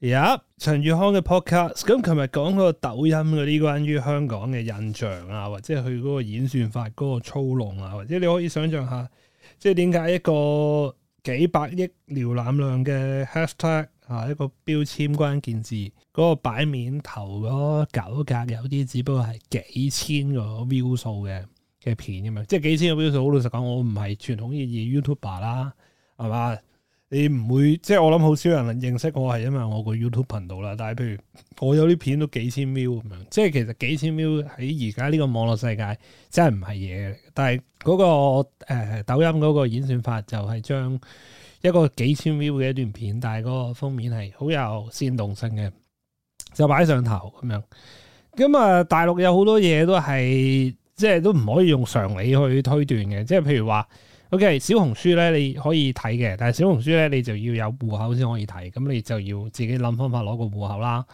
有陳宇康嘅 podcast，咁琴日講嗰個抖音嗰啲關於香港嘅印象啊，或者佢嗰個演算法嗰個操弄啊，或者你可以想象下，即係點解一個幾百億瀏覽量嘅 hashtag 一個標籤關鍵字，嗰、那個擺面頭嗰咗九格，有啲只不過係幾千個 view 數嘅嘅片咁樣，即係幾千個 view 數，好老實講，我唔係傳統意義 YouTuber 啦，係嘛？你唔會，即係我諗好少人認識我係，因為我個 YouTube 頻道啦。但係譬如我有啲片都幾千 view 咁樣，即係其實幾千 view 喺而家呢個網絡世界真係唔係嘢嚟。但係嗰、那個誒、呃、抖音嗰個演算法就係將一個幾千 view 嘅一段片，但係個封面係好有煽動性嘅，就擺上頭咁樣。咁啊、呃，大陸有好多嘢都係即係都唔可以用常理去推斷嘅，即係譬如話。OK，小紅書咧你可以睇嘅，但係小紅書咧你就要有戶口先可以睇，咁你就要自己諗方法攞個戶口啦。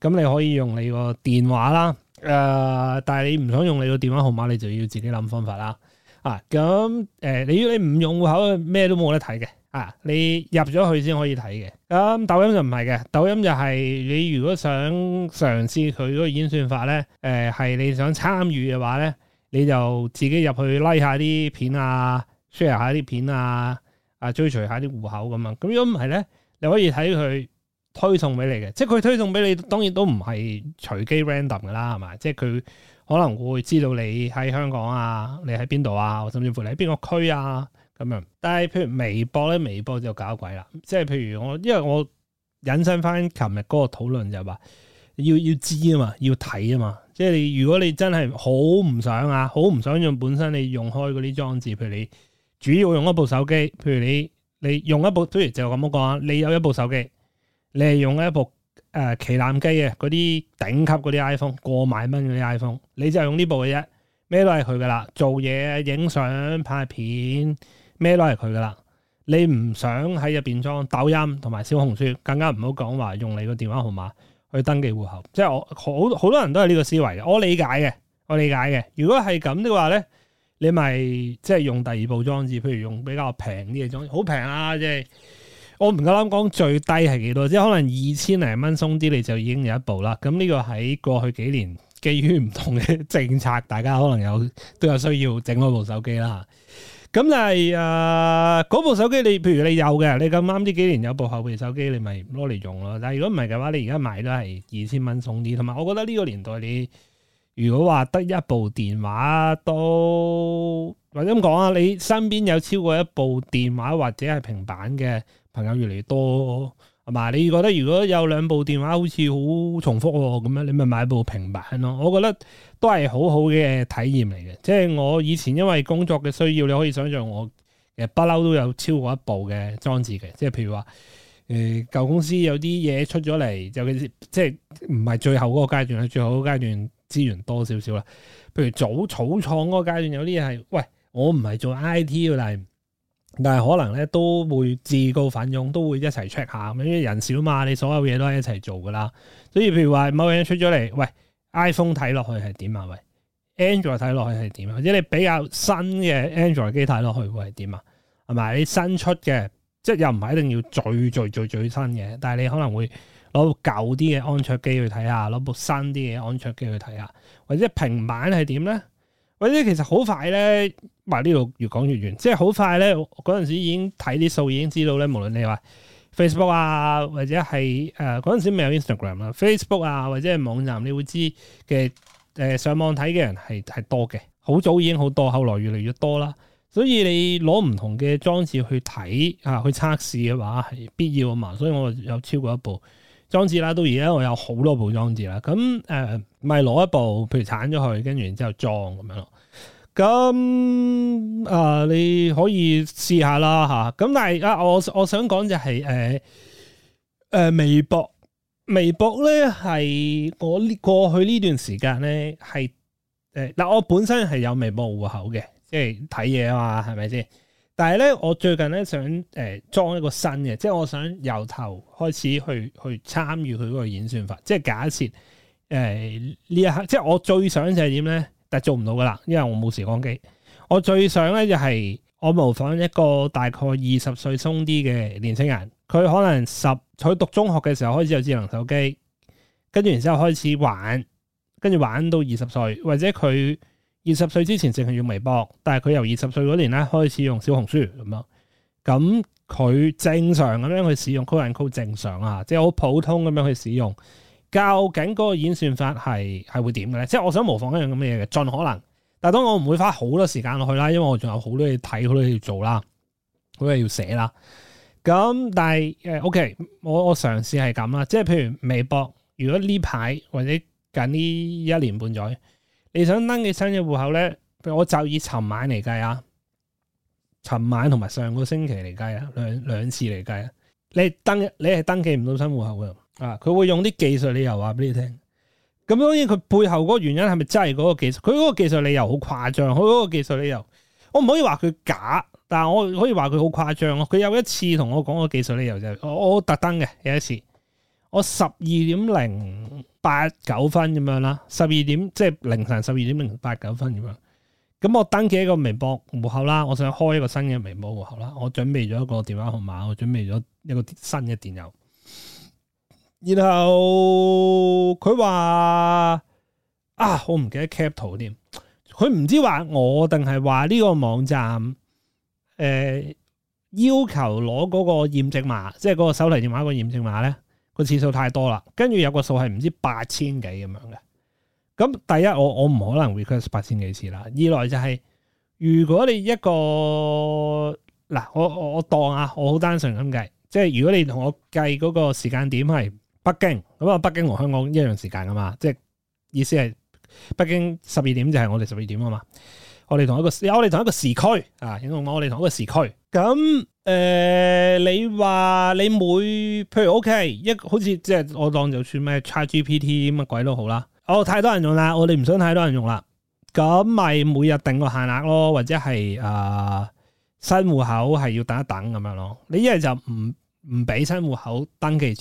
咁你可以用你個電話啦，誒、呃，但係你唔想用你個電話號碼，你就要自己諗方法啦。啊，咁、嗯呃、你要你唔用戶口，咩都冇得睇嘅。啊，你入咗去先可以睇嘅。咁抖音就唔係嘅，抖音就係你如果想嘗試佢嗰個演算法咧，係、呃、你想參與嘅話咧，你就自己入去拉、like、下啲片啊。share 下啲片啊，啊，追隨下啲戶口咁樣。咁如果唔係咧，你可以睇佢推送俾你嘅，即係佢推送俾你，當然都唔係隨機 random 㗎啦，係嘛？即係佢可能會知道你喺香港啊，你喺邊度啊，甚至乎你喺邊個區啊咁樣。但係譬如微博咧，微博就搞鬼啦，即係譬如我，因為我引申翻琴日嗰個討論就話，要要知啊嘛，要睇啊嘛，即係你如果你真係好唔想啊，好唔想用本身你用開嗰啲裝置，譬如你。主要用一部手機，譬如你你用一部，譬如就咁樣講，你有一部手機，你係用一部誒、呃、旗艦機嘅嗰啲頂級嗰啲 iPhone，過萬蚊嗰啲 iPhone，你就用呢部嘅啫，咩都係佢噶啦，做嘢、影相、拍片，咩都係佢噶啦。你唔想喺入邊裝抖音同埋小紅書，更加唔好講話用你個電話號碼去登記戶口，即、就、係、是、我好好多人都係呢個思維嘅，我理解嘅，我理解嘅。如果係咁的話咧。你咪即係用第二部裝置，譬如用比較平啲嘅裝置，好平啊！即係我唔夠膽講最低係幾多，即係可能二千零蚊鬆啲你就已經有一部啦。咁呢個喺過去幾年基於唔同嘅政策，大家可能有都有需要整嗰部手機啦。咁但係誒嗰部手機你，你譬如你有嘅，你咁啱呢幾年有一部後備手機，你咪攞嚟用咯。但係如果唔係嘅話，你而家買都係二千蚊鬆啲。同埋我覺得呢個年代你。如果話得一部電話都，或者咁講啊，你身邊有超過一部電話或者係平板嘅朋友越嚟越多，係嘛？你覺得如果有兩部電話好似好重複咁、哦、樣，你咪買一部平板咯？我覺得都係好好嘅體驗嚟嘅。即係我以前因為工作嘅需要，你可以想象我其實不嬲都有超過一部嘅裝置嘅。即係譬如話，誒、呃、舊公司有啲嘢出咗嚟，尤其是即係唔係最後嗰個階段，係最後嗰階段。資源多少少啦，譬如早草創嗰個階段有些是，有啲嘢係，喂，我唔係做 IT 嘅，但係但係可能咧都會自告奮勇，都會一齊 check 下咁，因為人少嘛，你所有嘢都係一齊做噶啦。所以譬如話某樣嘢出咗嚟，喂 iPhone 睇落去係點啊？喂 Android 睇落去係點啊？或者你比較新嘅 Android 機睇落去會係點啊？係咪你新出嘅？即係又唔係一定要最最最最最新嘅，但係你可能會。攞部舊啲嘅安卓機去睇下，攞部新啲嘅安卓機去睇下，或者平板係點咧？或者其實好快咧，埋呢度越講越遠，即係好快咧嗰陣時已經睇啲數已經知道咧，無論你話、啊呃啊、Facebook 啊，或者係呃、嗰陣時未有 Instagram 啊 Facebook 啊或者係網站，你會知嘅、呃、上網睇嘅人係係多嘅，好早已經好多，後來越嚟越多啦。所以你攞唔同嘅裝置去睇啊，去測試嘅話係必要啊嘛。所以我有超過一部。裝置啦，到而家我有好多部裝置啦。咁、呃、咪攞一部，譬如鏟咗佢，跟住然之後裝咁樣咯。咁、呃、你可以試下啦嚇。咁但係我我想講就係、呃呃呃、微博，微博咧係我呢過去呢段時間咧係呃嗱，我本身係有微博戶口嘅，即係睇嘢啊嘛，係咪先？但係咧，我最近咧想誒裝、呃、一個新嘅，即係我想由頭開始去去參與佢個演算法。即係假設誒呢一刻，即係我最想就係點咧？但係做唔到㗎喇，因為我冇時光機。我最想咧就係我模仿一個大概二十歲鬆啲嘅年輕人，佢可能十佢讀中學嘅時候開始有智能手機，跟住然之後開始玩，跟住玩到二十歲，或者佢。二十歲之前淨係用微博，但係佢由二十歲嗰年咧開始用小紅書咁樣，咁佢正常咁樣去使用酷眼酷正常啊，即係好普通咁樣去使用，究竟嗰個演算法係係會點嘅咧？即係我想模仿一樣咁嘅嘢嘅，盡可能。但係當我唔會花好多時間落去啦，因為我仲有好多嘢睇，好多嘢要做啦，好多嘢要寫啦。咁但係誒，OK，我我嘗試係咁啦，即係譬如微博，如果呢排或者近呢一年半載。你想登記新嘅戶口咧？譬如我就以尋晚嚟計啊，尋晚同埋上個星期嚟計啊，兩兩次嚟計啊，你登你係登記唔到新戶口嘅啊！佢會用啲技術理由話俾你聽，咁當然佢背後嗰個原因係咪真係嗰個技術？佢嗰個技術理由好誇張，佢嗰個技術理由我唔可以話佢假，但係我可以話佢好誇張咯。佢有一次同我講個技術理由就係我我特登嘅有一次。我十二點零八九分咁樣啦，十二點即係、就是、凌晨十二點零八九分咁樣。咁我登記一個微博戶口啦，我想開一個新嘅微博戶口啦。我準備咗一個電話號碼，我準備咗一個新嘅電郵。然後佢話啊，我唔記得截圖添。佢唔知話我定係話呢個網站誒、呃、要求攞嗰個驗證碼，即係嗰個手提電話個驗證碼咧。個次數太多啦，跟住有個數係唔知八千幾咁樣嘅。咁第一，我我唔可能 request 八千幾次啦。二來就係、是，如果你一個嗱，我我我當啊，我好單純咁計，即係如果你同我計嗰個時間點係北京，咁啊，北京同香港一樣時間啊嘛。即係意思係，北京十二點就係我哋十二點啊嘛。我哋同一個時，我哋同一個時區啊，我哋同一個時區咁。啊我誒、呃，你話你每，譬如 O、OK, K，一好似即係我當就算咩 ChatGPT 乜鬼都好啦。哦，太多人用啦，我哋唔想太多人用啦。咁咪每日定個限額咯，或者係誒、呃、新戶口係要等一等咁樣咯。你一係就唔唔俾新戶口登記住，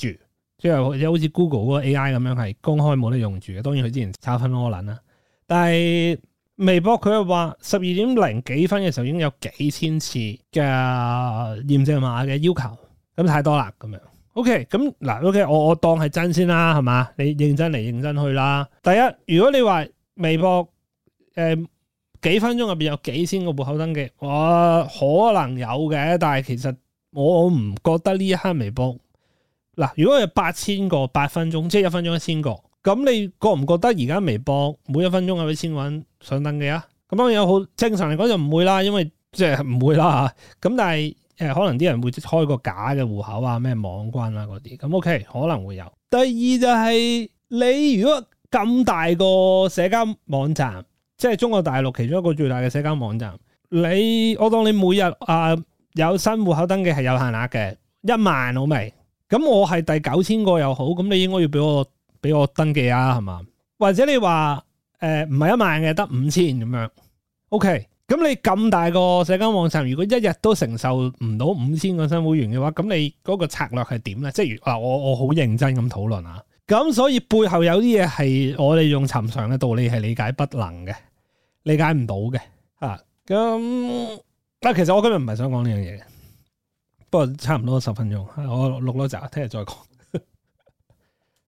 即係或者好似 Google 嗰個 AI 咁樣係公開冇得用住嘅。當然佢之前炒分我諗啦，但係。微博佢又話十二點零幾分嘅時候已經有幾千次嘅驗證碼嘅要求，咁太多啦咁樣。O K，咁嗱，O K，我我當係真先啦，係嘛？你認真嚟認真去啦。第一，如果你話微博誒、呃、幾分鐘入面有幾千個戶口登記，我可能有嘅，但係其實我唔覺得呢一刻微博嗱，如果係八千個八分鐘，即係一分鐘一千個。咁你覺唔覺得而家微博每一分鐘有幾千萬上登記啊？咁當然有，好正常嚟，講就唔會啦，因為即係唔會啦吓。咁但係誒、呃，可能啲人會開個假嘅戶口啊，咩網關啊嗰啲，咁 OK，可能會有。第二就係、是、你如果咁大個社交網站，即、就、係、是、中國大陸其中一個最大嘅社交網站，你我當你每日啊、呃、有新戶口登記係有限額嘅一萬好未？咁我係第九千個又好，咁你應該要俾我，俾我登記啊，係嘛？或者你話誒唔係一萬嘅，得五千咁樣。OK，咁你咁大個社交網站，如果一日都承受唔到五千個新會員嘅話，咁你嗰個策略係點咧？即係嗱，我我好認真咁討論啊。咁所以背後有啲嘢係我哋用尋常嘅道理係理解不能嘅，理解唔到嘅啊。咁、嗯、但其實我今日唔係想講呢樣嘢，不過差唔多十分鐘，我錄多集，聽日再講。